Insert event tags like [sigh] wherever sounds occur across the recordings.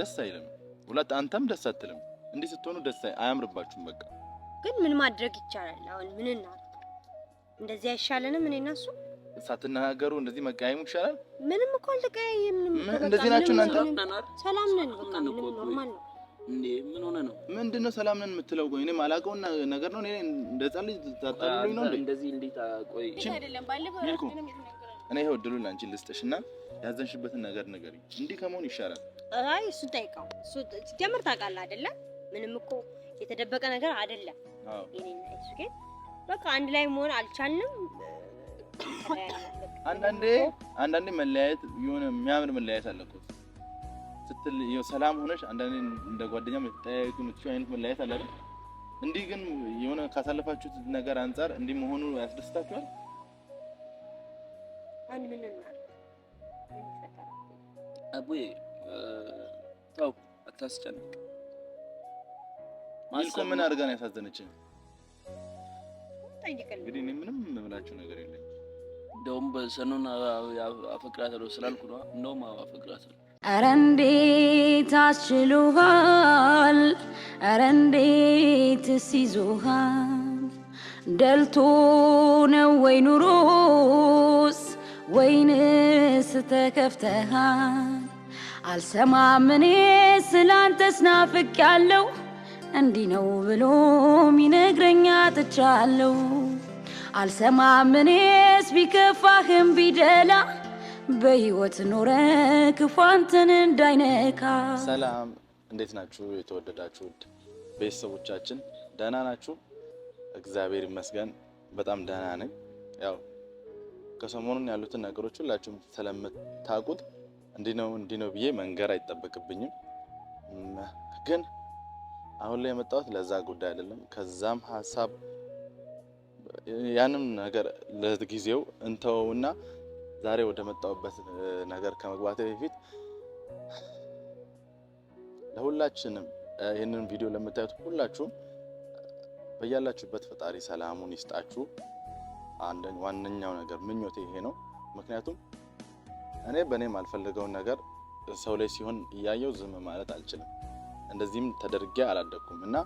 ደስ አይልም። ሁለት አንተም ደስ አትልም። እንዲህ ስትሆኑ ደስ አያምርባችሁም። በቃ ግን ምን ማድረግ ይቻላል? አሁን ምን እናድርግ? እንደዚህ አይሻለንም? እኔ እና እሱ ሳትናገሩ እንደዚህ መቀያየሙ ይሻላል። ምንም እኮ አልተቀያየምንም። እንደዚህ ናችሁ እናንተ። ሰላም ነን፣ በቃ ምንም ኖርማል ነው። እንዴ ምን ሆነ ነው? ምንድን ነው ሰላም ነን የምትለው? ቆይ እኔ ማላውቀው ነገር ነው። እኔ እንደ ህፃን ልጅ ታጣሉኝ ነው እንደዚህ። እንዴት ቆይ አይደለም። ባለፈው እኔ ይኸው እድሉን አንቺን ልስጥሽ እና ያዘንሽበትን ነገር ንገሪኝ። እንዲህ ከመሆን ይሻላል አይ እሱ ጠይቀው። እሱ ጀምር ታውቃለህ አይደለ? ምንም እኮ የተደበቀ ነገር አይደለም። እኔና እሱ ግን በቃ አንድ ላይ መሆን አልቻልንም። አንዳንዴ አንዳንዴ መለያየት የሆነ የሚያምር መለያየት አለ እኮ ስትል ሰላም ሆነሽ አንዳንዴ እንደ ጓደኛ የምትጠያየቁ የምትችይው አይነት መለያየት አለ አይደል? እንዲህ ግን የሆነ ካሳለፋችሁት ነገር አንጻር እንዲህ መሆኑ ያስደስታችኋል? አንድ ምን ነው አቡዬ ተው አታስጨንቅ። ምን አድርጋ ነው እንግዲህ እኔ ምንም የምላችሁ ነገር የለኝ። እንደውም አፈቅራታለሁ ስላልኩ እንደውም አፈቅራታለሁ። ኧረ እንዴት አስችሉሃል! ኧረ እንዴት ሲይዙሃል! ደልቶ ነው ወይ ኑሮስ፣ ወይንስ ተከፍተሃል? አልሰማም እኔ ስላንተ ስናፍቅ ያለው እንዲህ ነው ብሎ ሚነግረኛ ጥቻለው። አልሰማምኔስ እኔስ ቢከፋህም ቢደላ በህይወት ኖረ ክፋንትን እንዳይነካ። ሰላም እንዴት ናችሁ? የተወደዳችሁ ውድ ቤተሰቦቻችን ደህና ናችሁ? እግዚአብሔር ይመስገን በጣም ደህና ነኝ። ያው ከሰሞኑን ያሉትን ነገሮች ሁላችሁም ስለምታውቁት እንዲህ ነው እንዲህ ነው ብዬ መንገር አይጠበቅብኝም። ግን አሁን ላይ የመጣሁት ለዛ ጉዳይ አይደለም። ከዛም ሀሳብ ያንም ነገር ለጊዜው እንተወውና ዛሬ ወደ መጣሁበት ነገር ከመግባቴ በፊት ለሁላችንም ይህንን ቪዲዮ ለምታዩት ሁላችሁም በያላችሁበት ፈጣሪ ሰላሙን ይስጣችሁ። ዋነኛው ነገር ምኞቴ ይሄ ነው። ምክንያቱም እኔ በእኔ ማልፈልገውን ነገር ሰው ላይ ሲሆን እያየው ዝም ማለት አልችልም። እንደዚህም ተደርጌ አላደግኩም እና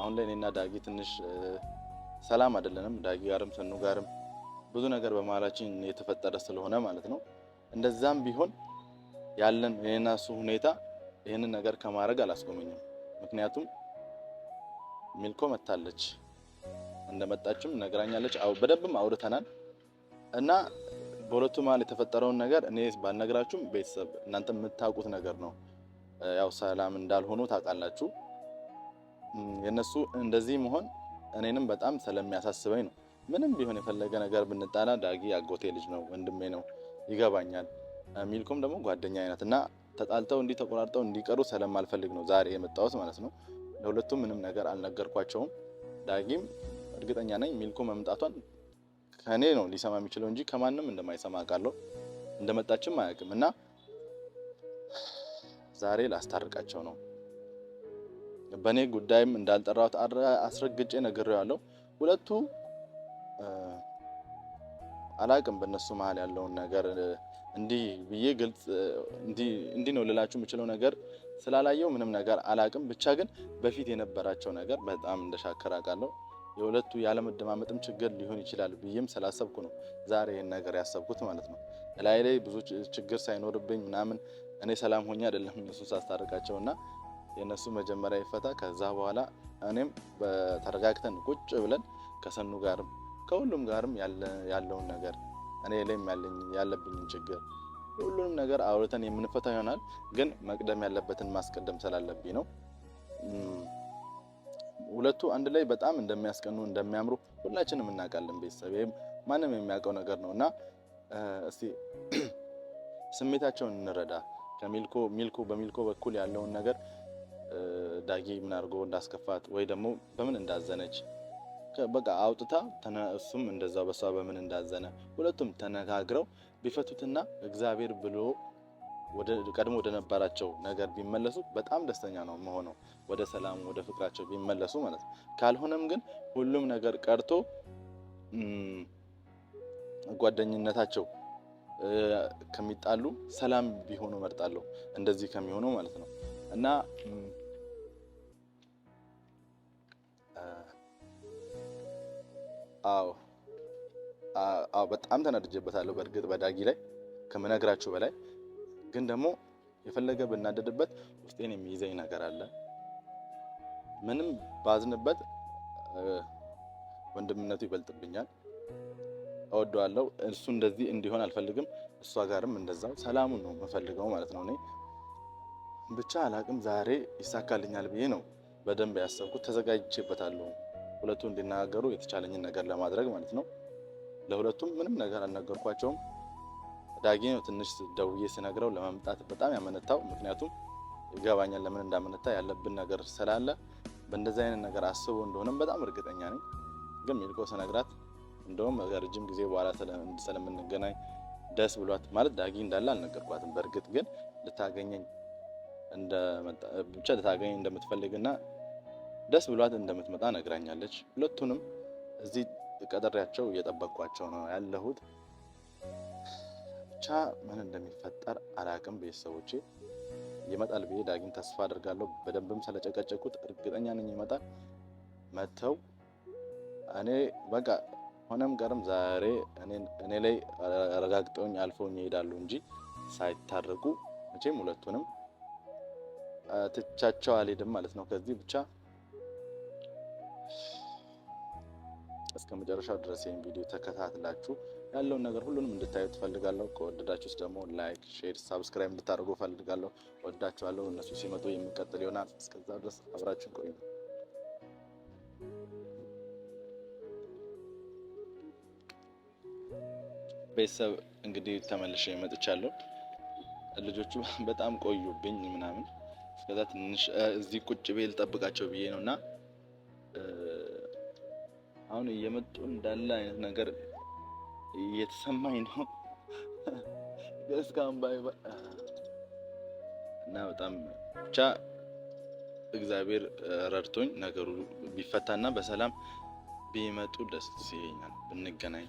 አሁን ላይ እኔና ዳጊ ትንሽ ሰላም አይደለንም። ዳጊ ጋርም ሰኑ ጋርም ብዙ ነገር በመሀላችን የተፈጠረ ስለሆነ ማለት ነው። እንደዛም ቢሆን ያለን እኔና እሱ ሁኔታ ይህንን ነገር ከማድረግ አላስቆመኝም። ምክንያቱም ሚልኮ መታለች፣ እንደመጣችም ነግራኛለች፣ በደንብም አውርተናል እና በሁለቱ መሀል የተፈጠረውን ነገር እኔ ባልነግራችሁም ቤተሰብ እናንተ የምታውቁት ነገር ነው። ያው ሰላም እንዳልሆኑ ታውቃላችሁ። የእነሱ እንደዚህ መሆን እኔንም በጣም ስለሚያሳስበኝ ነው። ምንም ቢሆን የፈለገ ነገር ብንጣላ ዳጊ አጎቴ ልጅ ነው፣ ወንድሜ ነው፣ ይገባኛል። ሚልኩም ደግሞ ጓደኛ አይነት እና ተጣልተው እንዲህ ተቆራርጠው እንዲቀሩ ስለማልፈልግ ነው ዛሬ የመጣሁት ማለት ነው። ለሁለቱም ምንም ነገር አልነገርኳቸውም። ዳጊም እርግጠኛ ነኝ ሚልኩ መምጣቷን ከእኔ ነው ሊሰማ የሚችለው እንጂ ከማንም እንደማይሰማ አውቃለሁ። እንደመጣችም አያውቅም እና ዛሬ ላስታርቃቸው ነው። በእኔ ጉዳይም እንዳልጠራሁት አስረግጬ ነግሬዋለሁ። ሁለቱ አላቅም በእነሱ መሀል ያለውን ነገር እንዲህ ብዬ ግልጽ እንዲህ ነው ልላችሁ የምችለው ነገር ስላላየው ምንም ነገር አላቅም። ብቻ ግን በፊት የነበራቸው ነገር በጣም እንደሻከር አውቃለሁ። የሁለቱ ያለመደማመጥም ችግር ሊሆን ይችላል ብዬም ስላሰብኩ ነው ዛሬ ይህን ነገር ያሰብኩት ማለት ነው። እላይ ላይ ብዙ ችግር ሳይኖርብኝ ምናምን እኔ ሰላም ሆኜ አይደለም እነሱ ሳስታርቃቸው እና የእነሱ መጀመሪያ ይፈታ፣ ከዛ በኋላ እኔም ተረጋግተን ቁጭ ብለን ከሰኑ ጋርም ከሁሉም ጋርም ያለውን ነገር እኔ ላይም ያለብኝን ችግር ሁሉንም ነገር አውርተን የምንፈታ ይሆናል። ግን መቅደም ያለበትን ማስቀደም ስላለብኝ ነው። ሁለቱ አንድ ላይ በጣም እንደሚያስቀኑ እንደሚያምሩ ሁላችንም እናውቃለን። ቤተሰብ ይህም ማንም የሚያውቀው ነገር ነው እና እስቲ [clears throat] ስሜታቸውን እንረዳ። ከሚልኮ ሚልኮ በሚልኮ በኩል ያለውን ነገር ዳጊ ምን አድርጎ እንዳስከፋት ወይ ደግሞ በምን እንዳዘነች በቃ አውጥታ እሱም እንደዛው በሷ በምን እንዳዘነ ሁለቱም ተነጋግረው ቢፈቱትና እግዚአብሔር ብሎ ቀድሞ ወደ ነበራቸው ነገር ቢመለሱ በጣም ደስተኛ ነው መሆነው፣ ወደ ሰላም ወደ ፍቅራቸው ቢመለሱ ማለት ነው። ካልሆነም ግን ሁሉም ነገር ቀርቶ ጓደኝነታቸው ከሚጣሉ ሰላም ቢሆኑ መርጣለሁ፣ እንደዚህ ከሚሆኑ ማለት ነው እና አዎ አዎ በጣም ተናድጄበታለሁ። በእርግጥ በዳጊ ላይ ከምነግራችሁ በላይ ግን ደግሞ የፈለገ ብናደድበት ውስጤን የሚይዘኝ ነገር አለ። ምንም ባዝንበት ወንድምነቱ ይበልጥብኛል። እወደዋለሁ። እሱ እንደዚህ እንዲሆን አልፈልግም። እሷ ጋርም እንደዛው ሰላሙን ነው የምፈልገው ማለት ነው። እኔ ብቻ አላቅም። ዛሬ ይሳካልኛል ብዬ ነው በደንብ ያሰብኩት፣ ተዘጋጅቼበታለሁ። ሁለቱ እንዲናገሩ የተቻለኝን ነገር ለማድረግ ማለት ነው። ለሁለቱም ምንም ነገር አልነገርኳቸውም። ዳጊ ነው ትንሽ ደውዬ ስነግረው ለመምጣት በጣም ያመነታው። ምክንያቱም ይገባኛል ለምን እንዳመነታ ያለብን ነገር ስላለ በእንደዚህ አይነት ነገር አስቦ እንደሆነም በጣም እርግጠኛ ነኝ። ግን ሚልኮ ስነግራት እንደውም ረጅም ጊዜ በኋላ ስለምንገናኝ ደስ ብሏት ማለት ዳጊ እንዳለ አልነገርኳትም። በእርግጥ ግን ልታገኘኝ ብቻ ልታገኘኝ እንደምትፈልግና ደስ ብሏት እንደምትመጣ ነግራኛለች። ሁለቱንም እዚህ ቀጠሪያቸው እየጠበቅኳቸው ነው ያለሁት። ብቻ ምን እንደሚፈጠር አላቅም። ቤተሰቦቼ ይመጣል ብዬ ዳግም ተስፋ አድርጋለሁ። በደንብም ስለጨቀጨቁት እርግጠኛ ነኝ ይመጣል። መተው እኔ በቃ ሆነም ቀርም ዛሬ እኔ ላይ ረጋግጠውኝ አልፈውኝ ይሄዳሉ እንጂ ሳይታረቁ መቼም ሁለቱንም ትቻቸው አልሄድም ማለት ነው። ከዚህ ብቻ እስከ መጨረሻው ድረስ ይህን ቪዲዮ ተከታትላችሁ ያለውን ነገር ሁሉንም እንድታዩት ፈልጋለሁ። ከወደዳችሁስ ደግሞ ላይክ፣ ሼር፣ ሳብስክራይብ እንድታደርጉ ፈልጋለሁ። ወዳችኋለሁ። እነሱ ሲመጡ የሚቀጥል ይሆናል። እስከዛ ድረስ አብራችን ቆዩ። ቤተሰብ እንግዲህ ተመልሼ መጥቻለሁ። ልጆቹ በጣም ቆዩብኝ ምናምን እስከዛ ትንሽ እዚህ ቁጭ ብዬ ልጠብቃቸው ብዬ ነው እና አሁን እየመጡ እንዳለ አይነት ነገር እየተሰማኝ ነው። እስካሁን ባይ እና በጣም ብቻ እግዚአብሔር ረድቶኝ ነገሩ ቢፈታና በሰላም ቢመጡ ደስ ይለኛል ብንገናኝ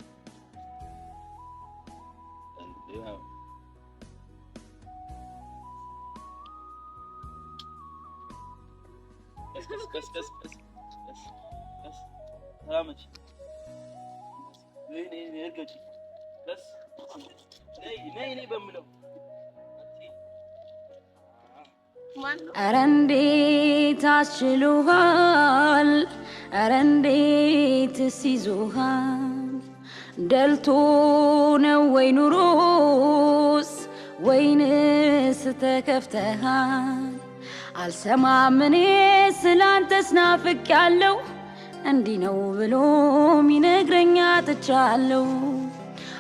ኧረ እንዴት አስችሉሃል? ኧረ እንዴትስ ይዞሃል? ደልቶ ነው ወይ ኑሮስ? ወይንስ ተከፍተሃል? አልሰማም እኔ ስላንተስ ናፍቄያለሁ እንዲህ ነው ብሎ ሚነግረኛ ጥቻለሁ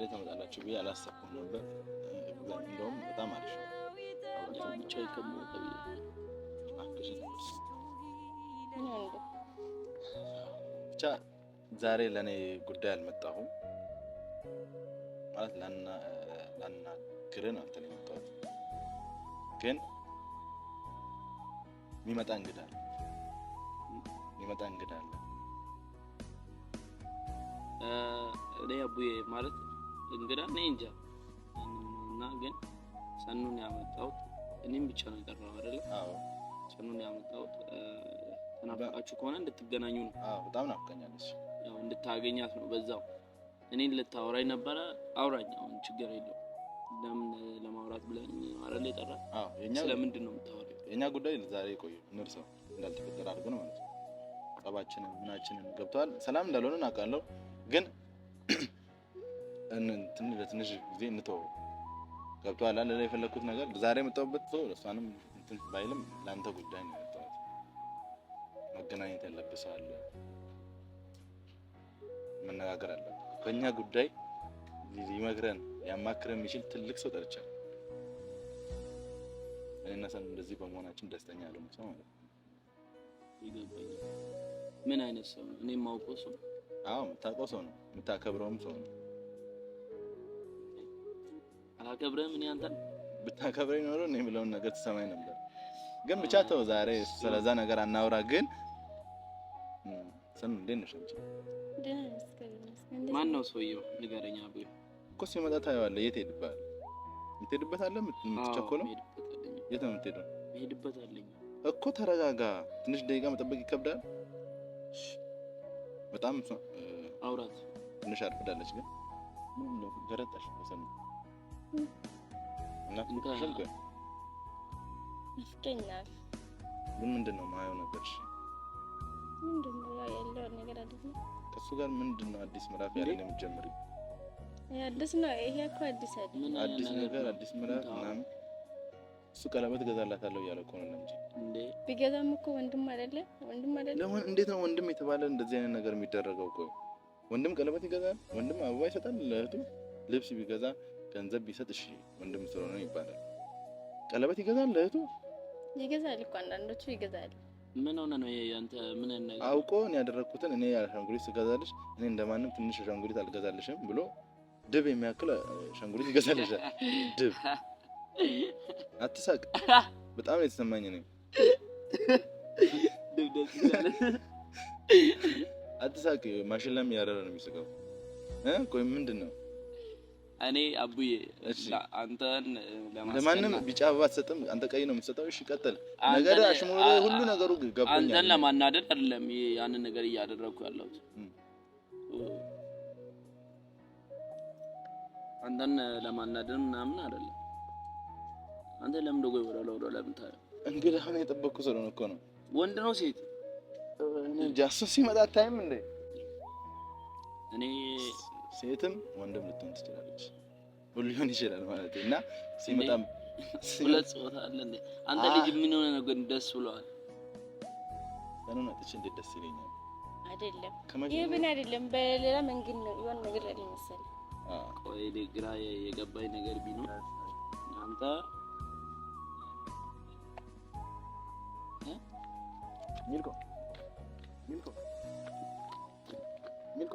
ላይ ተመጣላችሁ ብዬ አላሰብኩም ነበር። እንደውም በጣም አሪፍ ነው። ብቻ ብቻ ዛሬ ለእኔ ጉዳይ አልመጣሁም ማለት ላናግርህ ነው አንተ መጣሁ፣ ግን የሚመጣ እንግዳ አለ የሚመጣ እንግዳ አለ እኔ አቡዬ ማለት እንግዳ ነኝ እንጃ እና ግን ሰኑን ያመጣሁት እኔም ብቻ ነው የቀረው አይደለ? አዎ ሰኑን ያመጣሁት ተናፍቃችሁ ከሆነ እንድትገናኙ ነው። አዎ በጣም ናፍቀኛለች። ያው እንድታገኛት ነው። በዛው እኔን ልታወራኝ ነበረ። አውራኝ፣ አሁን ችግር የለውም። ለምን ለማውራት ብለን አይደል የጠራ? አዎ የኛ ስለምንድን ነው የምታወራኝ? የኛ ጉዳይ ዛሬ ቆዩ እንርሳው፣ እንዳልተፈጠረ አድርገን ማለት ነው። ጠባችንን ምናችንን ገብተዋል። ሰላም እንዳልሆነ አውቃለሁ ግን [clears throat] ለትንሽ ጊዜ እንተው ገብቶሃል አይደል? የፈለግኩት ነገር ዛሬ የመጣሁበት ሰው እሷንም እንትን ባይልም ለአንተ ጉዳይ ነው የመጣሁት። መገናኘት ያለብህ መነጋገር አለ፣ መነጋገር ከእኛ ጉዳይ ሊመክረን ሊያማክረን የሚችል ትልቅ ሰው ጠርቻለሁ። እኔና ሰን እንደዚህ በመሆናችን ደስተኛ ያለ ሰው ማለት ነው። ምን አይነት ሰው ነው? እኔ የማውቀው ሰው። አዎ የምታውቀው ሰው ነው፣ የምታከብረውም ሰው ነው አላከብረህም። ምን አንተን ብታከብረኝ ኖሮ እኔ የምለውን ነገር ትሰማኝ ነበር። ግን ብቻ ተው፣ ዛሬ ስለዛ ነገር አናውራ። ግን ስም እንዴት ነሽ ማን ነው ሰውየው? ንገረኝ። አብይ እኮ ሲመጣ ታየዋለህ። የት ሄድብሃል? የምትሄድበት አለ። የምትቸኮለው የት ነው የምትሄደው? አለኝ እኮ። ተረጋጋ። ትንሽ ደቂቃ መጠበቅ ይከብዳል። በጣም አውራት ትንሽ አርፍዳለች ግን ገረጣሽ እናት ምንድን ነው ማየው ነገር ምንድን ነው ያለውን ነገር አዲስ ነው። ከእሱ ጋር ምንድን ነው አዲስ ምዕራፍ ያለ የምትጀምሪው? አዲስ ነው ይሄ እኮ አዲስ አይደለም። አዲስ ነገር አዲስ ምዕራፍ ምናምን እሱ ቀለበት እገዛላታለሁ እያለ እኮ ነው እንጂ ቢገዛም እኮ ወንድም አይደለ? ወንድም አይደለ? ለምን እንዴት ነው ወንድም የተባለ እንደዚህ አይነት ነገር የሚደረገው? ቆይ ወንድም ቀለበት ይገዛል? ወንድም አበባ ይሰጣል ለእህቱ? ልብስ ቢገዛ ገንዘብ ቢሰጥ እሺ ወንድም ስለሆነ ይባላል። ቀለበት ይገዛል እህቱ ይገዛል እኮ አንዳንዶቹ ይገዛል። ምን ሆነ ነው ያንተ? ምን እና አውቆ ያደረኩትን እኔ አሻንጉሊት ትገዛለች እኔ እንደማንም ትንሽ አሻንጉሊት አልገዛልሽም ብሎ ድብ የሚያክል አሻንጉሊት ይገዛልሻል። [laughs] ድብ አትሳቅ። በጣም ነው የተሰማኝ እኔ ድብ ደስ ይላል። አትሳቅ። ማሽላም ያረረ ነው የሚስቀው እ ቆይ ምንድን ነው እኔ አቡዬ አንተን ለማንም ቢጫ አበባ አትሰጥም። አንተ ቀይ ነው የምትሰጠው። እሺ ቀጥል። ነገር አሽሙሮ ሁሉ ነገሩ ገባኛል። አንተን ለማናደድ አይደለም ያንን ነገር እያደረኩ ያለሁት። አንተን ለማናደድ ምናምን አይደለም። አንተ ለምን ደጎ ይወራል ወደ ለምታየው እንግዲህ አሁን የጠበቅኩ ስለሆነ እኮ ነው። ወንድ ነው ሴት እኔ ጃሱ ሲመጣ ታይም እንዴ እኔ ሴትም ወንድም ልትሆን ትችላለች። ሁሉ ሊሆን ይችላል ማለት እና ሲመጣም ሁለት ጾታ አለ። አንተ ልጅ ምን ሆነ ነው ግን ደስ ብለዋል። ሰኑ መጥቼ እንዴት ደስ ይለኛል። አይደለም ይሄ ምን አይደለም፣ በሌላ መንገድ ነው የሆነ ነገር አይደለም መሰለኝ። ቆይ እኔ ግራ የገባኝ ነገር ቢኖር አንተ ሚልኮ ሚልኮ ሚልኮ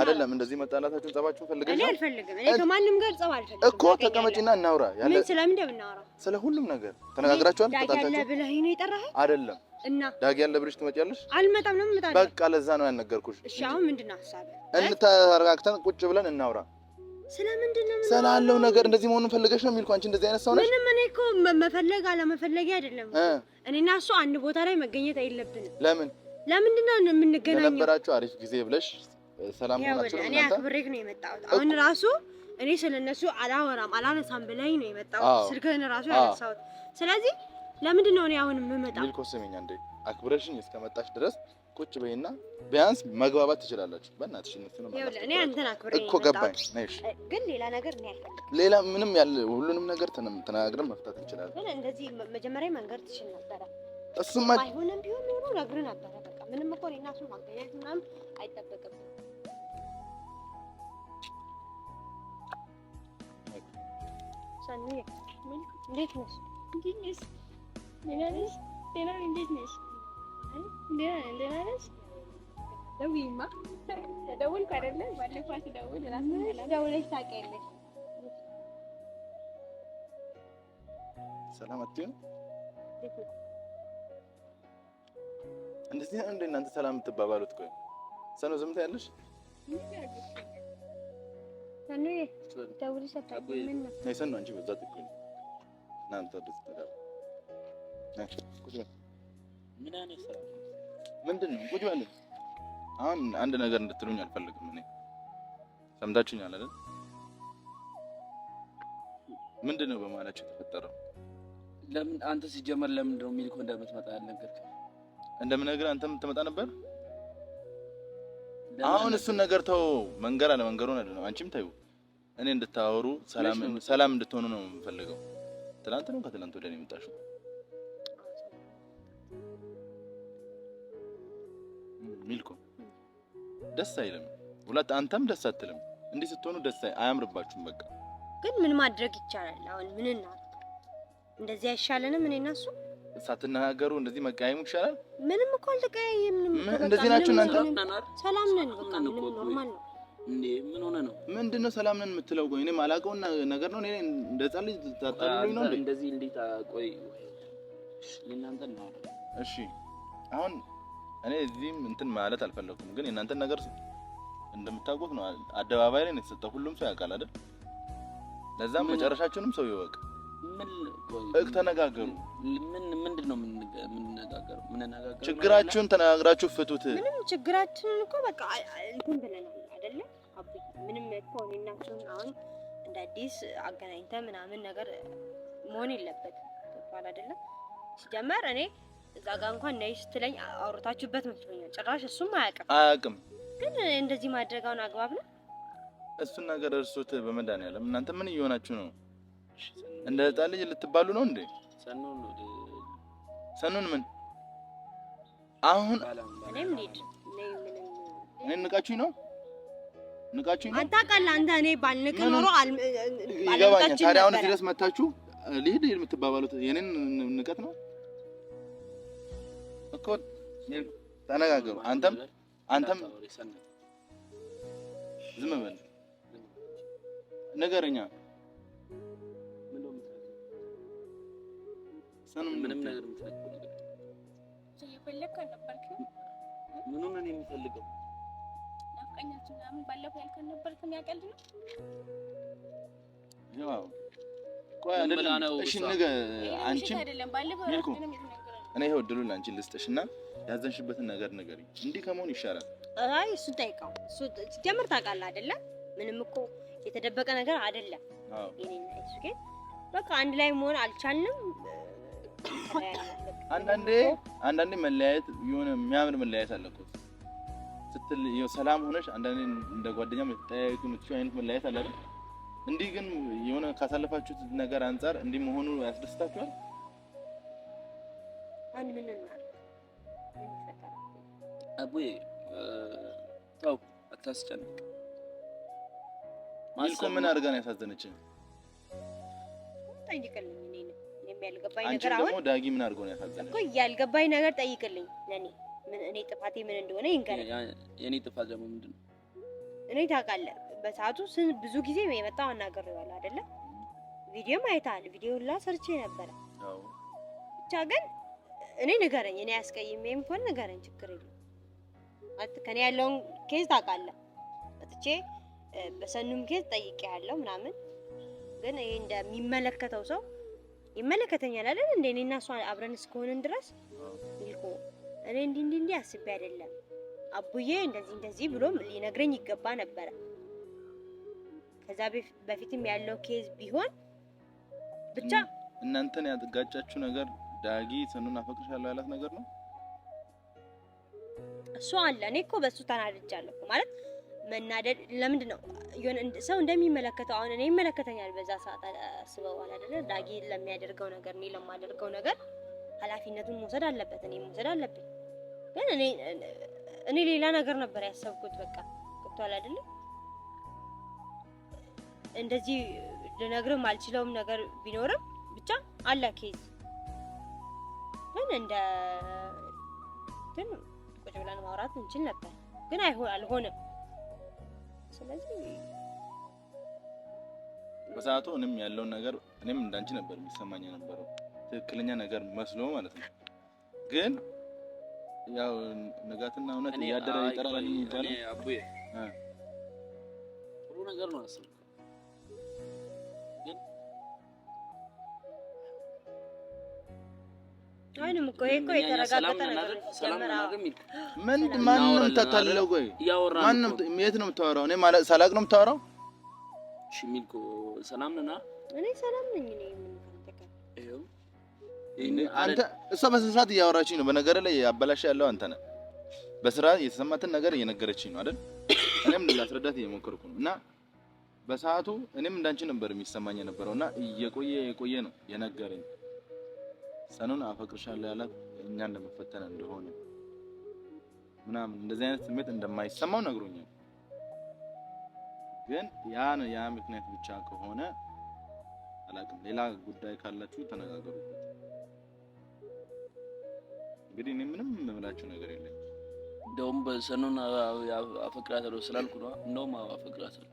አይደለም እንደዚህ መጣላታችሁን ጸባችሁን ፈልገሽ እኔ አልፈልግም። እኔ ከማንም ጋር ጸብ አልፈልግም እኮ ተቀመጪና እናውራ። ያለ ምን ስለምን እናውራ? ስለ ሁሉም ነገር ተነጋግራችኋል። ተጣጣችሁ ዳጊ ያለ ብለህ ነው የጠራህ? አይደለም እና ዳጊ ያለ ብለሽ ትመጪያለሽ? አልመጣም ነው የምመጣው። በቃ ለዛ ነው ያልነገርኩሽ። እሺ አሁን ምንድነው ሀሳብ? ተረጋግተን ቁጭ ብለን እናውራ። ስለምንድን ነው ስላለው ነገር እንደዚህ መሆኑን ፈልገሽ ነው የሚልኩ? አንቺ እንደዚህ አይነት ሰው ነሽ? ምንም እኔ እኮ መፈለግ አለመፈለጌ አይደለም። እኔና እሱ አንድ ቦታ ላይ መገኘት አይለብንም። ለምን ለምንድን ነው የምንገናኘው? ለነበራችሁ አሪፍ ጊዜ ብለሽ ሰላም ሆናችሁ እኔ አክብሬክ ነው የመጣሁት። አሁን ራሱ እኔ ስለነሱ አላወራም አላነሳም ብለኝ ነው የመጣሁት። ስልክህን ራሱ ያነሳሁት። ስለዚህ ለምንድን ነው እኔ አሁን የምመጣው? ልኮ ስሜኛ እንዴ አክብረሽኝ እስከመጣሽ ድረስ ቁጭ በይና ቢያንስ መግባባት ትችላላችሁ። በእናትሽ እነሱ ነው እኔ አንተን አክብሬ እኮ ገባኝ። ነሽ ግን ሌላ ነገር ነው ያለው። ሌላ ምንም ያለ ሁሉንም ነገር ተናግረን መፍታት እንችላለን። ግን እንደዚህ መጀመሪያ መንገድ ትችል ነበረ። እሱማ አይሆንም ቢሆን ኖሮ ነግርህ ነበረ። በቃ ምንም እኮ እኔ እና ማገናኘት ምናምን አይጠበቅም እንዴት ነሽ? ደህና ነሽ? ደህና ነኝ። እንዴት ነሽ? ደህና ነኝ። ደህና ነሽ? ደውይማ። ተደውልኩ አይደለ? ባለፈው ስደውል ደውለሽ ታውቂያለሽ። ሰላም አትይም? እንደዚህ ነው እንደ እናንተ ሰላም የምትባባሉት? ቆይ ሰኖ ዝምታ ትያለሽ? ምንድን ነው? ቁጭ አሁን አንድ ነገር እንድትሉኝ አልፈልግም። እኔ ሰምታችሁኛል አይደል? ምንድን ነው በመሀላችሁ የተፈጠረው? ለምን አንተ ሲጀመር ለምን ነው ሚልኮ እንደምትመጣ ያልነገርከኝ? እንደምነግርህ አንተም ትመጣ ነበር። አሁን እሱን ነገር ተው። መንገር አለ መንገሩን አይደለም። አንቺም ተይው እኔ እንድታወሩ ሰላም እንድትሆኑ ነው የምፈልገው። ትላንት ነው ከትላንት ወደ እኔ የመጣሽው። ሚልኮ ደስ አይልም። ሁለት አንተም ደስ አትልም። እንዲህ ስትሆኑ ደስ አያምርባችሁም። በቃ ግን ምን ማድረግ ይቻላል? አሁን ምን እናድርግ? እንደዚህ አይሻለንም? እኔ እና እሱ ሳትናገሩ እንደዚህ መቀያየሙ ይሻላል። ምንም እኮ አልተቀያየምንም። እንደዚህ ናችሁ እናንተ። ሰላም ነን። በቃ ምንም ኖርማል ነው እንዴ ምን ሆነ ነው? ምንድነው? ሰላም ነን የምትለው? ቆይ እኔ ማላውቀውን ነገር ነው። እኔ እንደ ህፃን ልጅ ታጣሉኝ ነው እንደዚህ። እንዴት ቆይ የእናንተን ነው። እሺ አሁን እኔ እዚህም እንትን ማለት አልፈለኩም፣ ግን የእናንተን ነገር እንደምታውቁት ነው። አደባባይ ላይ ነው የተሰጠው። ሁሉም ሰው ያውቃል አይደል? ለዛም መጨረሻችሁንም ሰው ይወቅ። ምን ተነጋገሩ። ምንድን ነው የምንነጋገረው? ችግራችሁን ተነጋግራችሁ ፍቱት። ምንም ችግራችንን እኮ በቃ እንትን ብለናል ምንም እኮ እኔና እሱን አሁን እንደ አዲስ አገናኝተ ምናምን ነገር መሆን የለበት ተባል አይደለም ሲጀመር እኔ እዛ ጋር እንኳን ነይ ስትለኝ አውርታችሁበት መስሎኛል። ጭራሽ እሱም አያውቅም አያውቅም። ግን እንደዚህ ማድረጋውን አግባብ ነው? እሱን ነገር እርሶት በመድኃኒዓለም እናንተ ምን እየሆናችሁ ነው? እንደ ህፃን ልጅ ልትባሉ ነው እንዴ? ሰኑን ምን አሁን እኔም ልሂድ እኔ ምንም ንቃችሁኝ ነው ንቃችሁኝ አንተ አንተ እኔ ባልንቅ ኖሮ ይገባኛል። ታዲያ አሁን ድረስ መታችሁ ልሂድ ልሂድ የምትባባሉት የኔን ንቀት ነው እኮ። ተነጋገሩ። አንተም አንተም ዝም በል ነገረኛ ምንም ነገር የምትፈልገው ናፍቀኛችን ምናምን ባለፈው ያልከን ነበር። የሚያቀልድ ነው ያው ቆይ አይደለም። እሺ ነገ አንቺም አይደለም ያዘንሽበትን ነገር ንገሪኝ። እንዲህ ከመሆን ይሻላል። አይ እሱ ጠይቀው እሱ ታውቃለህ አይደለም? ምንም እኮ የተደበቀ ነገር አይደለም። እሱ ግን በቃ አንድ ላይ መሆን አልቻልንም። አንዳንዴ አንዳንዴ መለያየት የሆነ የሚያምር መለያየት አለ እኮ ስትል ሰላም ሆነሽ አንዳንዴ እንደ ጓደኛ የምትጠያየቁ ምት አይነት መለያየት አለ አይደል? እንዲህ ግን የሆነ ካሳለፋችሁት ነገር አንጻር እንዲህ መሆኑ ያስደስታችኋል? አቡዬ ተው አታስጨንቅ። ሚልኮ ምን አድርጋ ነው ያሳዘነችን? ጠይቅልኝ። የሚያልገባኝ ነገር አሁን ደግሞ ዳጊ ምን አድርጎ ነው ያሳዘነች? ያልገባኝ ነገር ጠይቅልኝ ለእኔ ምን እኔ ጥፋቴ ምን እንደሆነ ይንገረኝ። የኔ ጥፋት ደግሞ ምንድን ነው? እኔ ታውቃለህ፣ በሰዓቱ ብዙ ጊዜ የመጣው መናገር ይዋል አይደለም። ቪዲዮም አይተሃል። ቪዲዮ ሁላ ሰርቼ ነበረ። ብቻ ግን እኔ ንገረኝ፣ እኔ ያስቀይሜም ከሆነ ንገረኝ፣ ችግር የለም። ከኔ ያለውን ኬዝ ታውቃለህ። መጥቼ በሰኑም ኬዝ ጠይቄ ያለው ምናምን ግን ይሄ እንደሚመለከተው ሰው ይመለከተኛል አይደል? እንደ እኔና እሷ አብረን እስከሆንን ድረስ እኔ እንዲህ እንዲህ እንዲህ አስቤ አይደለም አቡዬ እንደዚህ እንደዚህ ብሎም ሊነግረኝ ይገባ ነበረ። ከዛ በፊትም ያለው ኬዝ ቢሆን ብቻ እናንተን ያጋጫችሁ ነገር ዳጊ ጽኑን አፈቅርሻለሁ ያላት ነገር ነው። እሱ አለ። እኔ እኮ በእሱ ተናድጃለሁ ማለት መናደድ ለምንድን ነው ሰው እንደሚመለከተው? አሁን እኔ ይመለከተኛል በዛ ሰዓት አስበው አላደለ ዳጊ ለሚያደርገው ነገር እኔ ለማደርገው ነገር ኃላፊነቱን መውሰድ አለበት። እኔ መውሰድ አለብኝ። ግን እኔ እኔ ሌላ ነገር ነበር ያሰብኩት። በቃ ገብቷል አይደለም? እንደዚህ ልነግርም አልችለውም ነገር ቢኖርም ብቻ አለ ኬዝ ግን እንደ ግን ቁጭ ብለን ማውራት እንችል ነበር፣ ግን አይሆን አልሆነም። ስለዚህ በሰዓቱ እኔም ያለውን ነገር እኔም እንዳንቺ ነበር የሚሰማኝ የነበረው ትክክለኛ ነገር መስሎ ማለት ነው ግን ያው ንጋትና እውነት እያደረ ይጠራል የሚባለው አቡዬ ጥሩ ነገር ነው። አስብ አይንም እኮ ይሄ እኮ የተረጋገጠ ነገር ምን ማንም ቆይ ማንም የት ነው የምታወራው? እኔ ማለት ሳላቅ ነው የምታወራው። እሺ ሚልኩ ሰላም ነና እኔ ሰላም ነኝ። እኔ አንተ እሷ በስነስርዓት እያወራችኝ ነው። በነገር ላይ አበላሽ ያለው አንተ ነህ። በስራ የተሰማትን ነገር እየነገረችኝ ነው አይደል? እኔም ላስረዳት እየሞከርኩ ነው። እና በሰዓቱ እኔም እንዳንቺ ነበር የሚሰማኝ የነበረው እና እየቆየ የቆየ ነው የነገረኝ ሰኑን አፈቅርሻለሁ ያላት እኛ እንደመፈተን እንደሆነ ምናምን እንደዚህ አይነት ስሜት እንደማይሰማው ነግሮኛል። ግን ያ ያ ምክንያት ብቻ ከሆነ አላውቅም። ሌላ ጉዳይ ካላችሁ ተነጋገሩበት። እንግዲህ እኔ ምንም የምላቸው ነገር የለኝ። እንደውም ሰኑን አፈቅራታለሁ ስላልኩ ነው። እንደውም አፈቅራታለሁ